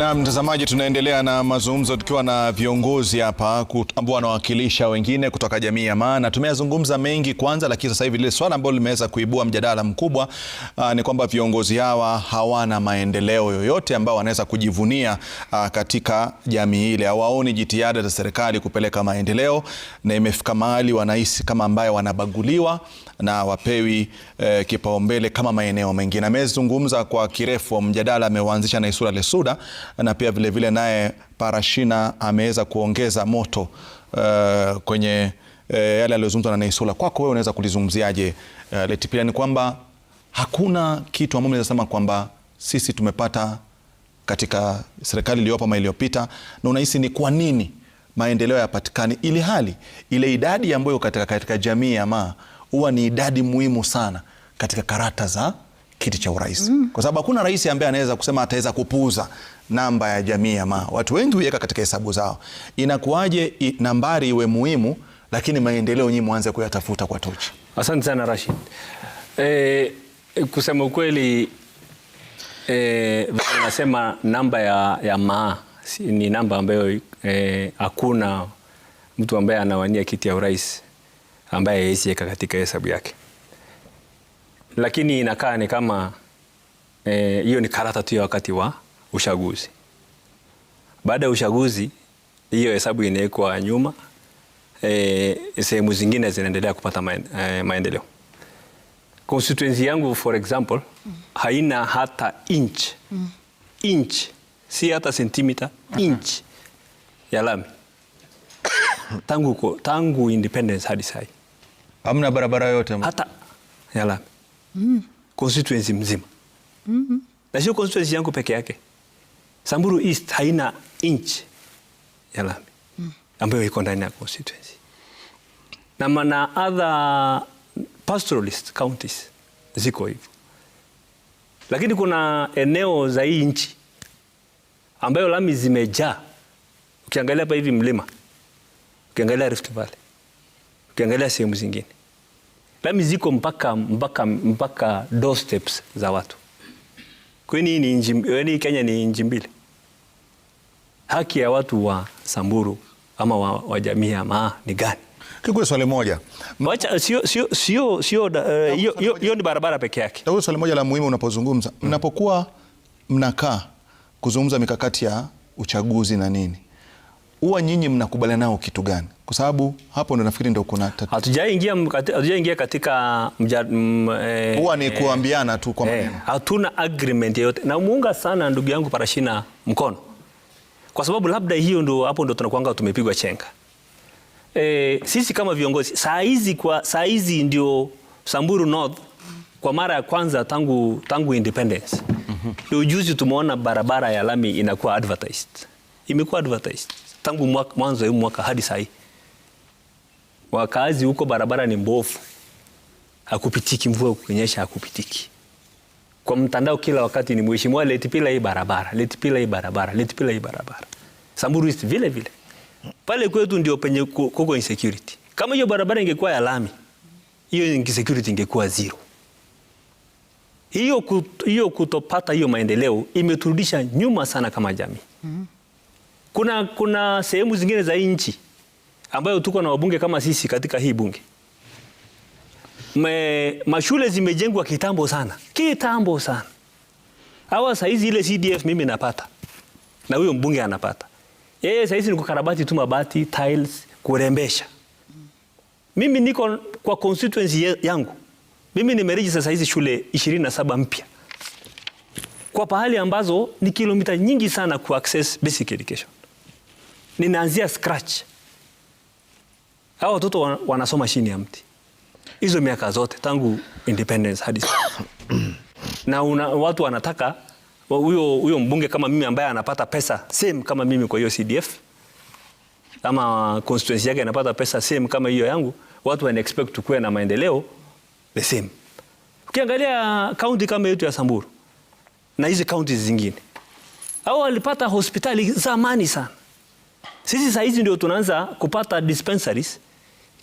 Na mtazamaji, tunaendelea na mazungumzo tukiwa na viongozi hapa ambao wanawakilisha wengine kutoka jamii ya Maa na tumeyazungumza mengi kwanza, lakini sasa hivi lile swala ambalo limeweza kuibua mjadala mkubwa aa, ah, ni kwamba viongozi hawa hawana maendeleo yoyote ambao wanaweza kujivunia aa, ah, katika jamii ile. Hawaoni jitihada za serikali kupeleka maendeleo na imefika mahali wanahisi kama ambayo wanabaguliwa na wapewi eh, kipaumbele kama maeneo mengine. Amezungumza kwa kirefu, mjadala ameuanzisha na Isura Lesuda, na pia vilevile naye Parashina ameweza kuongeza moto uh, kwenye eh, yale aliyozungumzwa na Naisula. Kwako wewe unaweza kulizungumziaje eh, Letipilia? Ni kwamba hakuna kitu ambacho unaweza sema kwamba sisi tumepata katika serikali iliyopo ama iliyopita, na unahisi ni kwa nini maendeleo yapatikani, ili hali ile idadi ambayo katika, katika jamii ama huwa ni idadi muhimu sana katika karata za kiti cha urais mm. Kwa sababu hakuna rais ambaye anaweza kusema ataweza kupuuza namba ya jamii ya maa. Watu wengi huiweka katika hesabu zao. Inakuwaje nambari iwe muhimu, lakini maendeleo nyinyi mwanze kuyatafuta kwa tochi? Asante sana Rashid. E, e kusema ukweli e, nasema namba ya, ya maa ni namba ambayo e, hakuna e, mtu ambaye anawania kiti ya urais ambaye haisiweka katika hesabu yake, lakini inakaa ni kama eh, hiyo e, ni karata tu ya wakati wa uchaguzi. Baada ya uchaguzi hiyo hesabu inawekwa nyuma, e, sehemu zingine zinaendelea kupata eh, maendeleo. Constituency yangu for example mm. haina hata inch mm. inch, si hata sentimita inch ya lami tangu, tangu independence hadi sai hamna barabara yote hata ya lami mm. constituency mzima mm -hmm. na sio constituency yangu peke yake. Samburu East haina inch ya lami mm. ambayo iko ndani ya constituency na mana other pastoralist counties ziko hivyo, lakini kuna eneo za hii nchi ambayo lami zimejaa. Ukiangalia hapa hivi mlima, ukiangalia Rift Valley ukiangalia sehemu zingine lami ziko mpaka, mpaka, mpaka door steps za watu. Kwani ni inji, yani Kenya ni inji mbili. Haki ya watu wa Samburu ama wa, wa jamii ya Maa ni gani? Nikuulize swali moja. Wacha sio sio sio sio eh, hiyo ni barabara peke yake. Nikuulize swali moja la muhimu unapozungumza. Mm. Mnapokuwa mnakaa kuzungumza mikakati ya uchaguzi na nini? huwa nyinyi mnakubaliana nao kitu gani? Kwa sababu hapo ndo nafikiri ndo kuna tatizo. Hatujaingia hatujaingia katika mja, e, huwa ni kuambiana tu kwa eh, maneno. E, hatuna agreement yoyote. Na muunga sana ndugu yangu Parashina mkono. Kwa sababu labda hiyo ndo hapo ndo tunakuanga tumepigwa chenga. E, sisi kama viongozi saa hizi kwa saa hizi ndio Samburu North kwa mara ya kwanza tangu tangu independence. Mm -hmm. Ndio juzi tumeona barabara ya lami inakuwa advertised. Imekuwa advertised tangu mwanzo wa mwaka hadi sasa wakazi huko, barabara ni mbovu, hakupitiki, mvua kunyesha hakupitiki. Kwa mtandao kila wakati ni mheshimiwa, leti pila hii barabara, leti pila hii barabara, leti pila hii barabara. Samburu East vile vile pale kwetu ndio penye kuko insecurity. Kama hiyo barabara ingekuwa ya lami, hiyo insecurity ingekuwa zero. Hiyo kutopata hiyo maendeleo imeturudisha nyuma sana kama jamii. Mm-hmm. Kuna, kuna sehemu zingine za nchi ambayo tuko na wabunge kama sisi katika hii bunge. Me, mashule zimejengwa kitambo sana, kitambo sana. Hawa saizi ile CDF mimi napata na huyo mbunge anapata. Yeye saizi ni kukarabati tu mabati, tiles, kurembesha. Mimi niko kwa constituency yangu. Mimi nimerejista saizi shule 27 mpya kwa pahali ambazo ni kilomita nyingi sana ku access basic education ninaanzia scratch. Hao watoto wanasoma chini ya mti hizo miaka zote tangu independence hadi na una, watu wanataka huyo huyo mbunge kama mimi ambaye anapata pesa same kama mimi kwa hiyo CDF ama constituency yake anapata pesa same kama hiyo yangu, watu wana expect tukue na maendeleo the same. Ukiangalia kaunti kama yetu ya Samburu na hizi kaunti zingine, au walipata hospitali zamani sana sisi saa hizi ndio tunaanza kupata dispensaries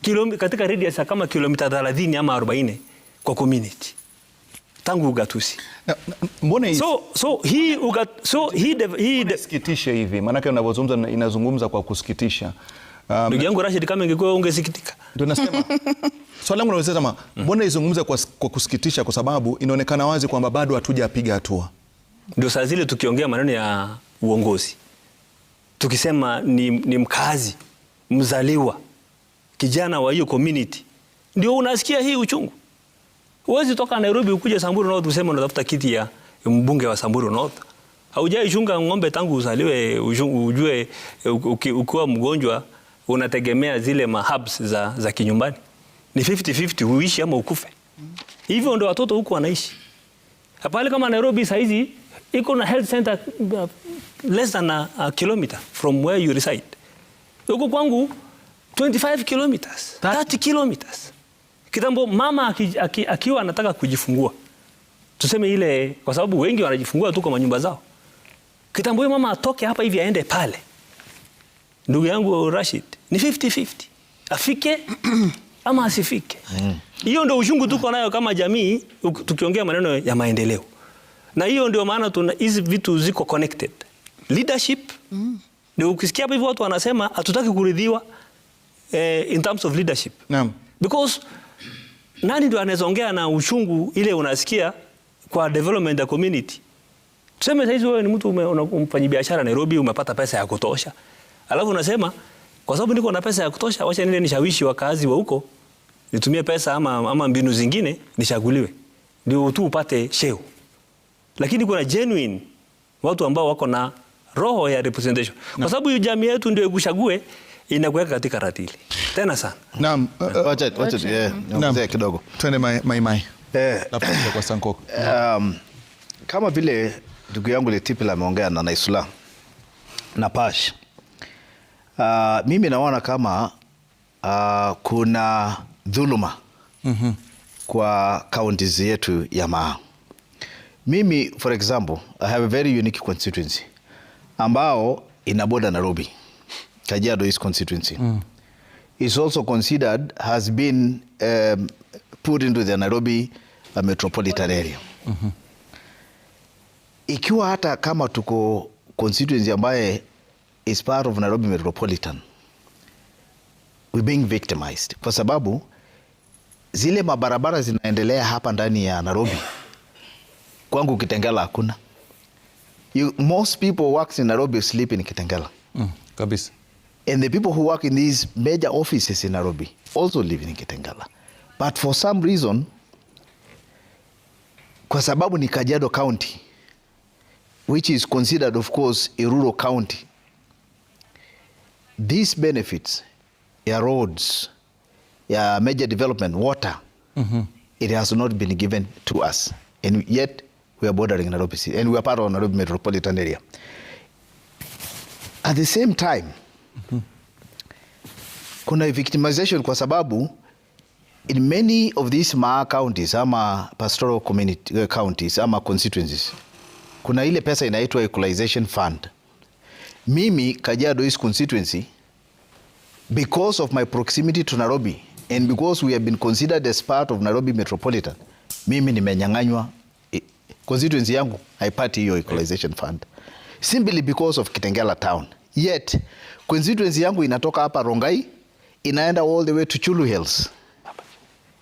kilomi, katika radius kama kilomita 30 ama 40 kwa community tangu ugatusi. Mbona hii? so, so, hii uga, so, hii de, hii de... sikitisha hivi maanake unavyozungumza inazungumza kwa kusikitisha. Um, ndugu yangu Rashid kama ingekuwa ungesikitika. Ndio nasema. Swali langu naweza sema mm. mbona izungumza kwa, kwa kusikitisha kwa sababu inaonekana wazi kwamba bado hatujapiga hatua. Ndio saa zile tukiongea maneno ya uongozi tukisema ni, ni mkazi mzaliwa kijana wa hiyo community, ndio unasikia hii uchungu. Huwezi toka Nairobi ukuje Samburu North useme unatafuta kiti ya mbunge wa Samburu North. Haujaichunga ng'ombe tangu uzaliwe, ujue ukiwa mgonjwa unategemea zile mahabs za, za kinyumbani. Ni 50-50 huishi ama ukufe. Hivyo ndio watoto huku wanaishi. Hapali kama Nairobi saizi iko na health center less than a, a kilometer from where you reside. Huko kwangu 25 kilometers, 30 kilometers. Kitambo mama aki, aki, akiwa anataka kujifungua. Tuseme ile kwa sababu wengi wanajifungua tu kwa manyumba zao. Kitambo hiyo mama atoke hapa hivi aende pale. Ndugu yangu Rashid, ni 50-50. Afike ama asifike. Mm. Hiyo ndio ushungu tuko nayo kama jamii tukiongea maneno ya maendeleo. Na hiyo ndio maana tuna hizi vitu ziko connected leadership mm. Ni ukisikia hapa hivyo watu wanasema hatutaki kuridhiwa eh, in terms of leadership. Naam. Because nani ndio anaongea na uchungu ile unasikia kwa development ya community? Tuseme sasa wewe ni mtu umfanyia biashara Nairobi, umepata pesa ya kutosha. Alafu unasema kwa sababu niko na pesa ya kutosha, wacha nile nishawishi wakazi wa huko nitumie pesa ama, ama mbinu zingine nishaguliwe. Ndio tu upate sheo. Lakini kuna genuine watu ambao wako na roho ya representation kwa no. sababu jamii yetu ndio ikuchague inakuweka katika ratili tena sana. Naam, eh, wacha wacha yeah, niongezee kidogo. Twende mai mai. Eh, kwa Sankoko. Eh, um, kama vile ndugu yangu Letipila ameongea na Naisula na Pash. Uh, mimi naona kama uh, kuna dhuluma mm -hmm. kwa kaunti yetu ya Maa. Mimi for example, I have a very unique constituency ambao ina boda Nairobi, Kajiado East constituency mm. is also considered has been um, put into the Nairobi uh, metropolitan area mm -hmm. Ikiwa hata kama tuko constituency ambaye is part of Nairobi metropolitan we being victimized kwa sababu zile mabarabara zinaendelea hapa ndani ya Nairobi, kwangu Kitengela hakuna you, most people works in Nairobi sleep in Kitengela. Mm, kabisa. And the people who work in these major offices in Nairobi also live in Kitengela. But for some reason, kwa sababu ni Kajiado County, which is considered of course a rural county, these benefits ya roads ya major development water mm -hmm. it has not been given to us and yet we are bordering Nairobi City and we are part of Nairobi metropolitan area. At the same time, mm -hmm. kuna victimization kwa sababu in many of these ma counties ama pastoral community, uh, counties ama constituencies kuna ile pesa inaitwa equalization fund. Mimi Kajiado East constituency because of my proximity to Nairobi and because we have been considered as part of Nairobi metropolitan, mimi nimenyang'anywa constituency yangu haipati hiyo equalization fund simply because of Kitengela town, yet constituency yangu inatoka hapa Rongai inaenda all the way to Chulu Hills.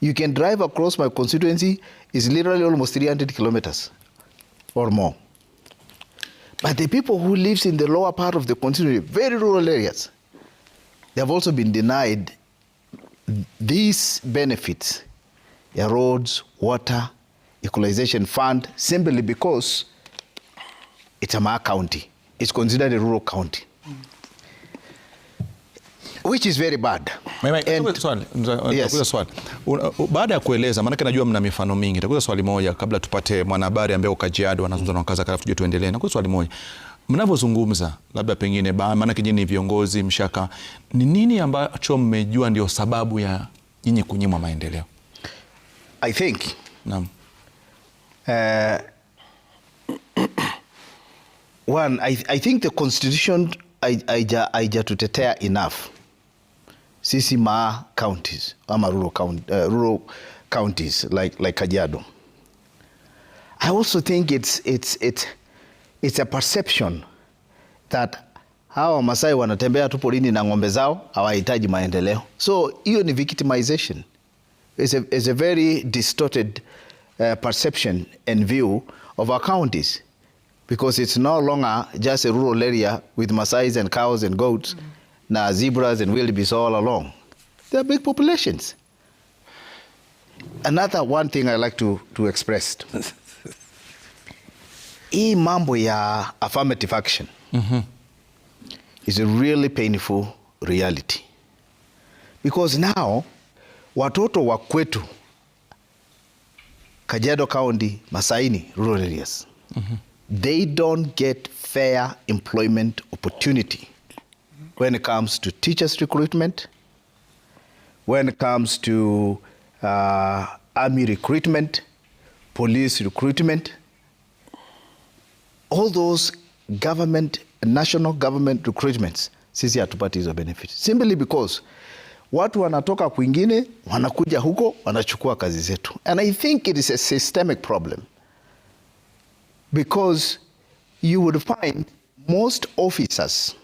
You can drive across my constituency is literally almost 300 kilometers or more. But the people who lives in the lower part of the constituency, very rural areas, they have also been denied these benefits, their roads, water, equalization fund simply because it's a Maa county. It's considered a rural county. Which is very bad. Yes. Swali. Uh, baada ya kueleza, maanake najua mna mifano mingi, takuza swali moja kabla tupate mwanahabari ambaye ukajiado wanazungumza na wakaza kala tuje tuendelee. Nakuza swali moja mnavyozungumza labda pengine, maanake nyinyi ni viongozi mshaka, ni nini ambacho mmejua ndio sababu ya nyinyi kunyimwa maendeleo? I think naam. Uh, one, I, I think the constitution haijatutetea enough sisi ma counties ama rural, count, uh, rural counties like, like Kajiado. I also think it's, it's, it's, it's a perception that hawa Wamasai wanatembea tu porini na ng'ombe zao hawahitaji maendeleo. So hiyo ni victimization. is a, a very distorted uh, perception and view of our counties because it's no longer just a rural area with Maasais and cows and goats, mm. now zebras and wildebeest all along. There are big populations. Another one thing I like to, to express. Hii mambo ya affirmative action mm -hmm. is a really painful reality because now watoto wa Kajedo County, Masaini, rural areas. Mm -hmm. They don't get fair employment opportunity when it comes to teachers recruitment, when it comes to uh, army recruitment, police recruitment. All those government, national government recruitments, sisi hatupati hizo benefit. Simply because watu wanatoka kwingine wanakuja huko wanachukua kazi zetu, and I think it is a systemic problem because you would find most officers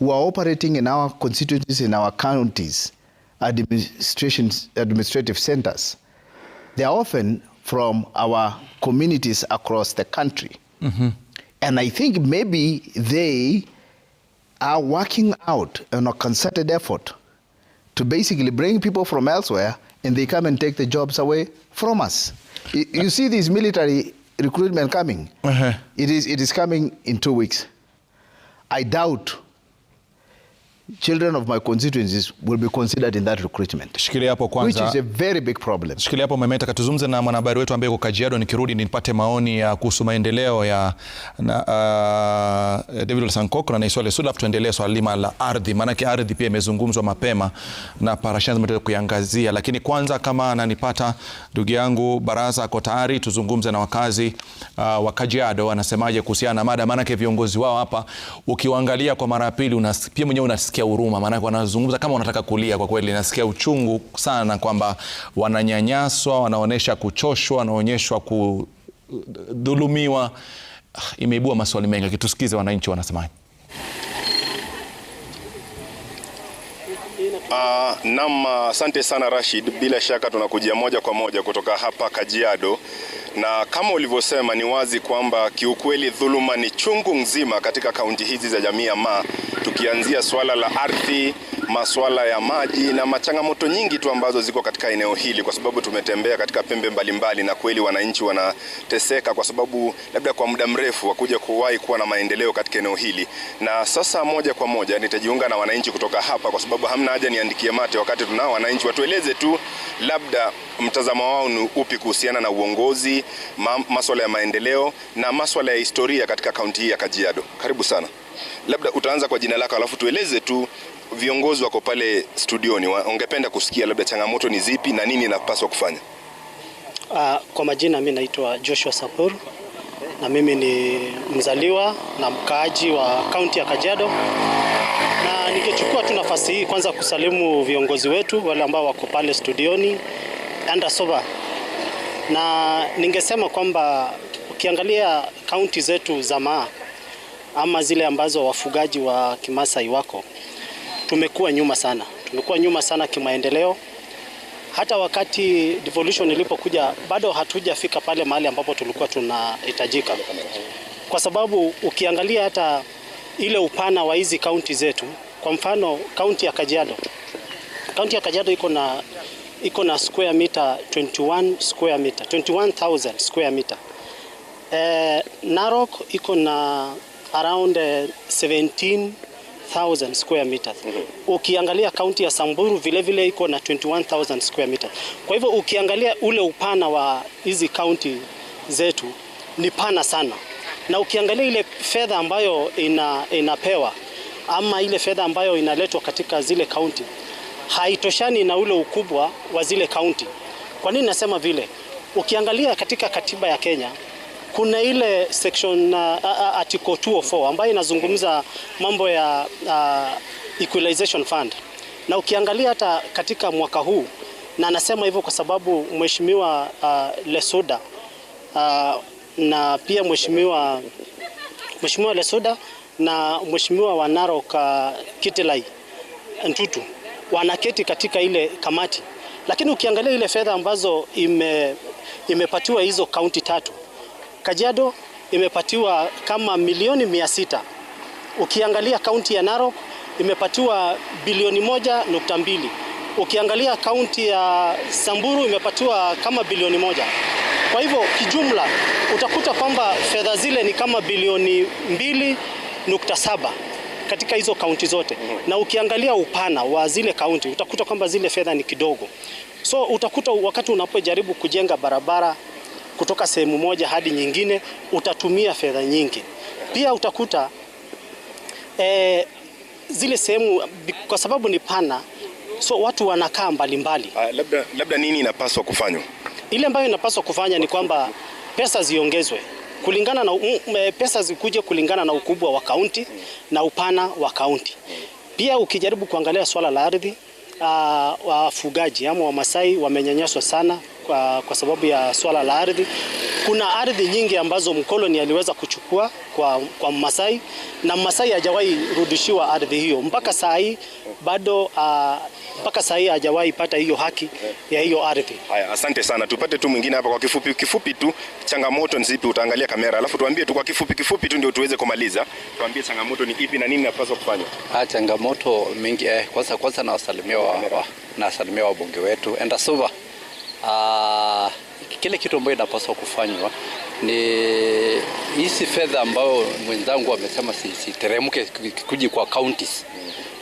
who are operating in our constituencies, in our counties, administrative centers, they are often from our communities across the country. Mm-hmm. And I think maybe they are working out on a concerted effort to basically bring people from elsewhere and they come and take the jobs away from us. You see this military recruitment coming. Uh-huh. It, is, it is coming in two weeks. I doubt children of my constituencies will be considered in that recruitment. Shikilia hapo kwanza. Which is a very big problem. Shikilia hapo Memeta, katuzungumze na mwanahabari wetu ambaye yuko Kajiado, nikirudi nipate maoni ya kuhusu maendeleo ya na, uh, David Sankok na Naiswale Sula, tuendelee swala lima la ardhi, maanake ardhi pia imezungumzwa mapema na Parashah zimetaka kuiangazia, lakini kwanza kama ananipata ndugu yangu Baraza ako tayari, tuzungumze na wakazi uh, wa Kajiado wanasemaje kuhusiana na mada, maanake viongozi wao hapa ukiwaangalia kwa mara ya pili, pia mwenyewe unasikia nasikia huruma, maanake wanazungumza kama wanataka kulia kwa kweli. Nasikia uchungu sana kwamba wananyanyaswa, wanaonyesha kuchoshwa, wanaonyeshwa kudhulumiwa. Ah, imeibua maswali mengi, lakini wananchi wanasemaje. Uh, ah, nam asante sana Rashid, bila shaka tunakujia moja kwa moja kutoka hapa Kajiado na kama ulivyosema, ni wazi kwamba kiukweli dhuluma ni chungu nzima katika kaunti hizi za jamii ya Maa, tukianzia swala la ardhi masuala ya maji na machangamoto nyingi tu ambazo ziko katika eneo hili, kwa sababu tumetembea katika pembe mbalimbali mbali, na kweli wananchi wanateseka kwa sababu labda kwa muda mrefu wakuja kuwahi kuwa na maendeleo katika eneo hili. Na sasa moja kwa moja nitajiunga na wananchi kutoka hapa, kwa sababu hamna haja niandikie mate wakati tunao wananchi, watueleze tu labda mtazamo wao ni upi kuhusiana na uongozi, masuala ya maendeleo na masuala ya historia katika kaunti hii ya Kajiado. Karibu sana, labda utaanza kwa jina lako alafu tueleze tu viongozi wako pale studioni, ungependa kusikia labda changamoto ni zipi na nini inapaswa kufanya? Uh, kwa majina mimi naitwa Joshua Sapur na mimi ni mzaliwa na mkaaji wa kaunti ya Kajiado, na nikichukua tu nafasi hii kwanza kusalimu viongozi wetu wale ambao wako pale studioni Andasoba, na ningesema kwamba ukiangalia kaunti zetu za Maa ama zile ambazo wafugaji wa Kimasai wako tumekuwa nyuma sana, tumekuwa nyuma sana kimaendeleo. Hata wakati devolution ilipokuja bado hatujafika pale mahali ambapo tulikuwa tunahitajika, kwa sababu ukiangalia hata ile upana wa hizi kaunti zetu, kwa mfano kaunti ya Kajiado, kaunti ya Kajiado iko na iko na square meter 21 square meter 21000 square meter. Eh, Narok iko na around 21,000 square meters. Ukiangalia kaunti ya Samburu vile vile iko na 21,000 square meters. Kwa hivyo ukiangalia ule upana wa hizi kaunti zetu ni pana sana, na ukiangalia ile fedha ambayo ina, inapewa ama ile fedha ambayo inaletwa katika zile kaunti haitoshani na ule ukubwa wa zile kaunti. Kwa nini nasema vile? Ukiangalia katika katiba ya Kenya kuna ile section uh, article 204 ambayo inazungumza mambo ya uh, equalization fund, na ukiangalia hata katika mwaka huu, na anasema hivyo kwa sababu mheshimiwa uh, Lesoda uh, na pia mheshimiwa mheshimiwa Lesoda na mheshimiwa wa Narok uh, Kitilai Ntutu wanaketi katika ile kamati, lakini ukiangalia ile fedha ambazo ime, imepatiwa hizo kaunti tatu Kajiado imepatiwa kama milioni mia sita. Ukiangalia kaunti ya Narok imepatiwa bilioni moja nukta mbili. Ukiangalia kaunti ya Samburu imepatiwa kama bilioni moja. Kwa hivyo kijumla utakuta kwamba fedha zile ni kama bilioni mbili nukta saba katika hizo kaunti zote, na ukiangalia upana wa zile kaunti utakuta kwamba zile fedha ni kidogo. So utakuta wakati unapojaribu kujenga barabara kutoka sehemu moja hadi nyingine, utatumia fedha nyingi. Pia utakuta e, zile sehemu kwa sababu ni pana, so watu wanakaa mbalimbali. Ah, labda, labda nini inapaswa kufanywa? Ile ambayo inapaswa kufanya ni kwamba pesa ziongezwe kulingana na e, pesa zikuje kulingana na ukubwa wa kaunti na upana wa kaunti. Pia ukijaribu kuangalia swala la ardhi, ah, wafugaji ama Wamasai wamenyanyaswa sana kwa, kwa sababu ya swala la ardhi. Kuna ardhi nyingi ambazo mkoloni aliweza kuchukua kwa, kwa Masai na Masai hajawahi rudishiwa ardhi hiyo mpaka saa hii bado uh, mpaka saa hii hajawahi pata hiyo haki ya hiyo ardhi. Haya, asante sana. Tupate tu mwingine hapa kwa kifupi kifupi tu, changamoto ni zipi? Utaangalia kamera alafu tuambie tu kwa kifupi kifupi tu ndio tuweze kumaliza. Tuambie changamoto ni ipi na nini napaswa kufanya. Ah, changamoto mingi eh, kwanza kwanza nawasalimia wa, wa, nawasalimia wabunge wetu Enda Suba Uh, kile kitu ambayo inapaswa kufanywa ni hizi fedha ambayo mwenzangu amesema siteremke si, kuji kwa counties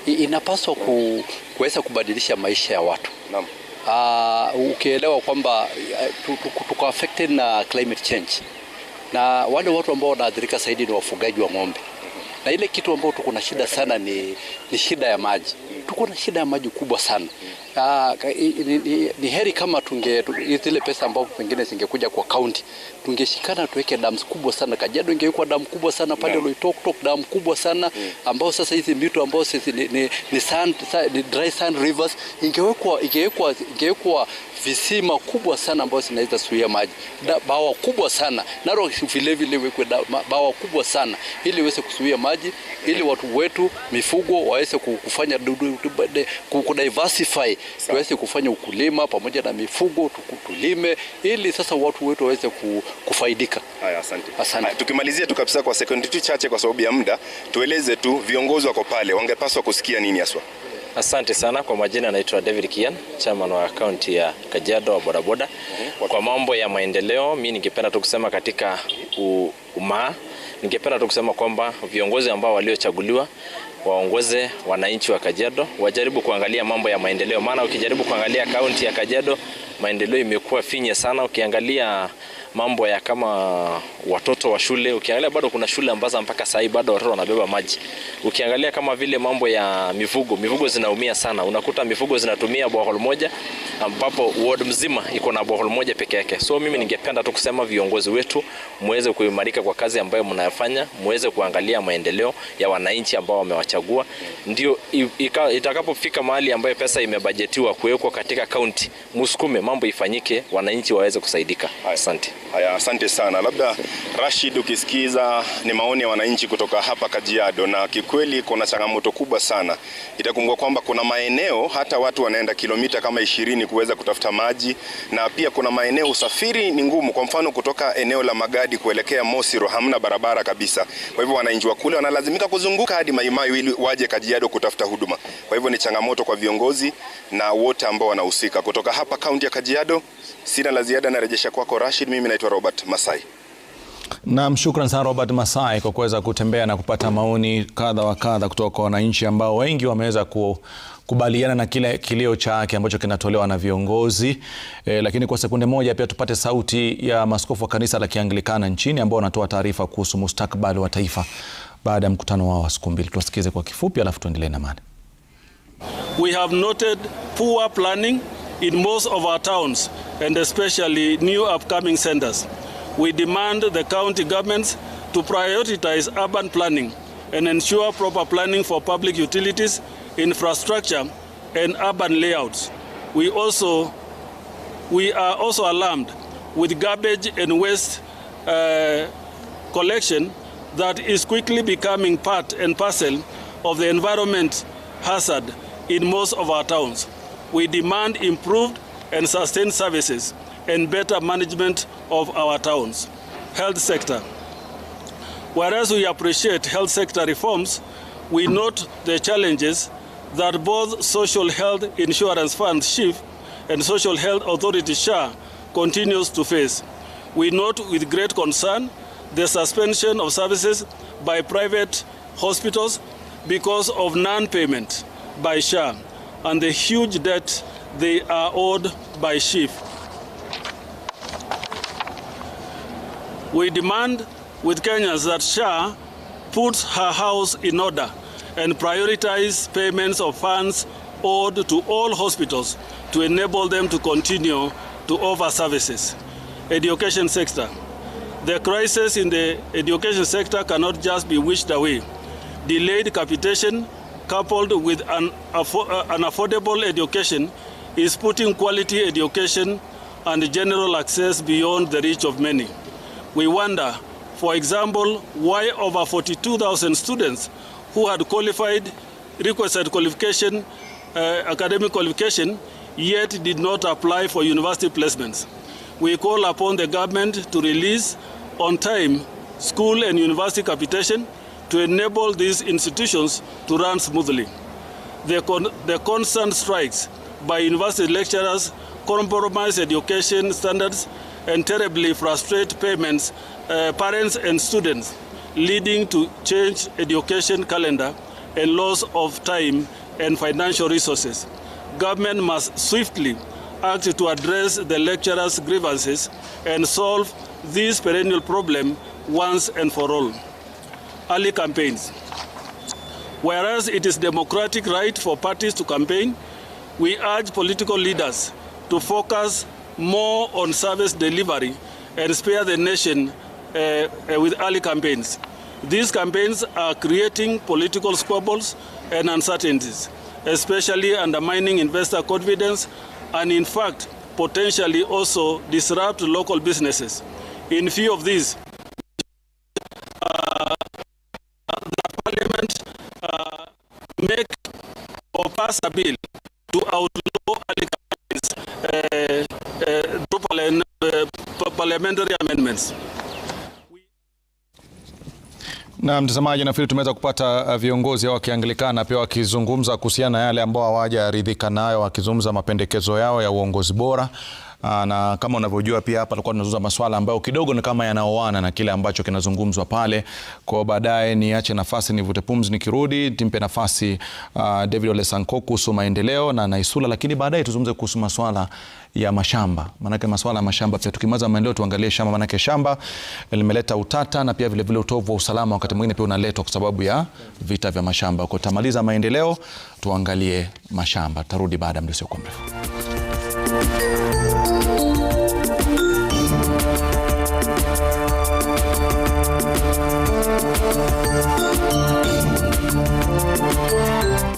inapaswa ku, kuweza kubadilisha maisha ya watu naam. Uh, ukielewa kwamba eh, tuko affected na climate change na wale watu ambao wanaathirika zaidi ni wafugaji wa ng'ombe na ile kitu ambayo tuko na shida sana ni, ni shida ya maji. Tuko na shida ya maji kubwa sana ni, ni, ni heri kama tunge zile pesa ambapo pengine zingekuja kwa kaunti tungeshikana tuweke damu kubwa sana. Kajiado ingekuwa damu kubwa sana pale no. Loitoktok damu kubwa sana mm. ambao sasa hizi mito ambao sisi ni, ni, ni, sand, ni dry sand rivers ingewekwa ingewekwa ingewekwa visima kubwa sana ambao zinaweza suia maji da, bawa kubwa sana naro vile vile wekwe bawa kubwa sana ili iweze kusuia maji ili watu wetu mifugo waweze kufanya kudiversify tuweze kufanya ukulima pamoja na mifugo tulime, ili sasa watu wetu waweze kufaidika. Haya, asante. Asante. Tukimalizia tu kabisa kwa sekundi tu chache kwa sababu ya muda, tueleze tu viongozi wako pale wangepaswa kusikia nini haswa? Asante sana. Kwa majina anaitwa David Kian, chairman wa kaunti ya Kajiado wa bodaboda. Mhm. Kwa mambo ya maendeleo, mi ningependa tu kusema katika umaa, ningependa tu kusema kwamba viongozi ambao waliochaguliwa waongoze wananchi wa Kajiado, wajaribu kuangalia mambo ya maendeleo, maana ukijaribu kuangalia kaunti ya Kajiado maendeleo imekuwa finye sana ukiangalia mambo ya kama watoto wa shule. Ukiangalia bado kuna shule ambazo mpaka saa hii bado watoto wanabeba maji. Ukiangalia kama vile mambo ya mifugo, mifugo zinaumia sana. Unakuta mifugo zinatumia bohol moja ambapo ward mzima iko na bohol moja peke yake. So mimi ningependa tu kusema viongozi wetu muweze kuimarika kwa kazi ambayo mnayofanya, muweze kuangalia maendeleo ya wananchi ambao wamewachagua, ndio itakapofika mahali ambayo pesa imebajetiwa kuwekwa katika kaunti, msukume mambo ifanyike, wananchi waweze kusaidika. Asante. Haya, asante sana. Labda Rashid, ukisikiza ni maoni ya wananchi kutoka hapa Kajiado, na kikweli kuna changamoto kubwa sana. Itakumbuka kwamba kuna maeneo hata watu wanaenda kilomita kama ishirini kuweza kutafuta maji, na pia kuna maeneo usafiri ni ngumu. Kwa mfano kutoka eneo la Magadi kuelekea Mosiro hamna barabara kabisa, kwa hivyo wananchi wa kule wanalazimika kuzunguka hadi Maimayo ili waje Kajiado kutafuta kutafuta huduma. Kwa hivyo ni changamoto kwa viongozi na wote ambao wanahusika. Kutoka hapa kaunti ya Kajiado, sina la ziada, narejesha kwako Rashid. Mimi naitwa Robert Masai. Naam, shukran sana Robert Masai kwa kuweza kutembea na kupata maoni kadha wa kadha kutoka kwa wananchi ambao wengi wameweza ku kubaliana na kile kilio chake ambacho kinatolewa na viongozi e. Lakini kwa sekunde moja pia tupate sauti ya maskofu wa kanisa la Kianglikana nchini ambao wanatoa taarifa kuhusu mustakabali wa taifa baada ya mkutano wao wa siku mbili. Tuwasikize kwa kifupi, alafu tuendelee na mada. We have noted poor planning in most of our towns and especially new upcoming centers. We demand the county governments to prioritize urban planning and ensure proper planning for public utilities, infrastructure and urban layouts. We also we are also alarmed with garbage and waste uh, collection that is quickly becoming part and parcel of the environment hazard in most of our towns. We demand improved and sustained services and better management of our towns. Health sector. Whereas we appreciate health sector reforms, we note the challenges that both social health insurance funds SHIF and social health authority SHA continues to face. We note with great concern the suspension of services by private hospitals because of non-payment by SHA and the huge debt they are owed by SHIF. We demand with Kenyans that SHA puts her house in order and prioritize payments of funds owed to all hospitals to enable them to continue to offer services. Education sector. The crisis in the education sector cannot just be wished away. Delayed capitation coupled with uh, an, affordable education is putting quality education and general access beyond the reach of many. We wonder, for example, why over 42,000 students who had qualified, requested qualification, uh, academic qualification, yet did not apply for university placements. We call upon the government to release on time school and university capitation to enable these institutions to run smoothly. The, con the constant strikes by university lecturers compromise education standards and terribly frustrate payments, uh, parents and students, leading to changed education calendar and loss of time and financial resources. Government must swiftly act to address the lecturers' grievances and solve this perennial problem once and for all. Early campaigns. Whereas it is democratic right for parties to campaign, we urge political leaders to focus more on service delivery and spare the nation uh, uh with early campaigns. These campaigns are creating political squabbles and uncertainties, especially undermining investor confidence and in fact potentially also disrupt local businesses. In few of these, uh, the parliament uh, make or pass a bill to outlaw Ali's uh, through uh, parliamentary amendments. Na mtazamaji, nafikiri tumeweza kupata uh, viongozi hao wakianglikana pia wakizungumza kuhusiana na yale ambao hawajaridhika nayo, wakizungumza mapendekezo yao ya uongozi bora. Ah, na kama unavyojua pia hapa tulikuwa tunazungumza masuala ambayo kidogo ni kama yanaoana na kile ambacho kinazungumzwa pale. Kwa baadaye niache nafasi nivute pumzi, nikirudi timpe nafasi uh, David Ole Sanko kuhusu maendeleo na Naisula, lakini baadaye tuzungumze kuhusu masuala ya mashamba, maanake masuala ya mashamba pia tukimaza maendeleo tuangalie shamba, maanake shamba limeleta utata na pia vilevile utovu wa usalama wakati mwingine pia unaletwa kwa sababu ya vita vya mashamba. Kwa tamaliza maendeleo, tuangalie mashamba. Tarudi baada ya muda usiokuwa mrefu.